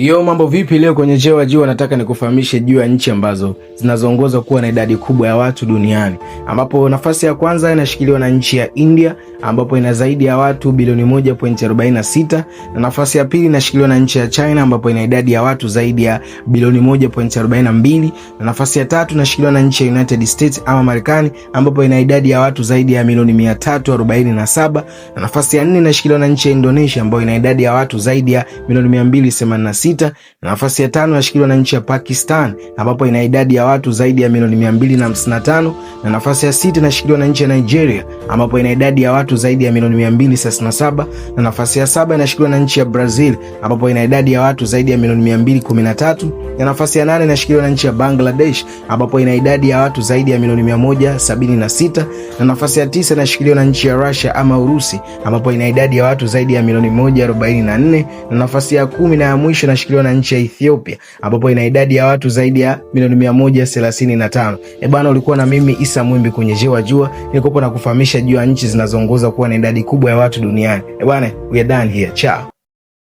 Yo, mambo vipi? Leo kwenye Chewa Juu nataka nikufahamishe juu ya nchi ambazo zinazoongoza kuwa na idadi kubwa ya watu duniani, ambapo nafasi ya kwanza inashikiliwa na nchi ya India ambapo ina zaidi ya watu bilioni 1.46 na nafasi ya pili inashikiliwa na nchi ya China ambapo ina idadi ya watu zaidi ya bilioni 1.42 na nafasi ya tatu inashikiliwa na nchi ya United States ama Marekani ambapo ina idadi ya watu zaidi ya milioni 347 na nafasi ya nne inashikiliwa na nchi ya Indonesia ambayo ina idadi ya watu zaidi ya milioni 286 sita na nafasi ya tano inashikiliwa na nchi ya Pakistan ambapo ina idadi ya watu zaidi ya milioni mia mbili na, hamsini na tano na nafasi ya sita inashikiliwa na nchi ya Nigeria ambapo ina idadi ya watu zaidi ya milioni mia mbili 237 na saba na nafasi ya saba inashikiliwa na nchi ya Brazil ambapo ina idadi ya watu zaidi ya milioni mia mbili kumi na tatu na nafasi ya nane inashikiliwa na nchi ya Bangladesh ambapo ina idadi ya watu zaidi ya milioni mia moja sabini na sita na nafasi ya tisa inashikiliwa na nchi ya Russia ama Urusi ambapo ina idadi ya watu zaidi ya milioni moja arobaini na nne na nafasi ya kumi na ya mwisho na inashikiliwa na nchi ya Ethiopia ambapo ina idadi ya watu zaidi ya milioni mia moja thelathini na tano. E bana, ulikuwa na mimi Isa Mwimbi kwenye Jewa Jua, nilikopo na kufahamisha juu ya nchi zinazoongoza kuwa na idadi kubwa ya watu duniani. E bana, we are done here. Ciao.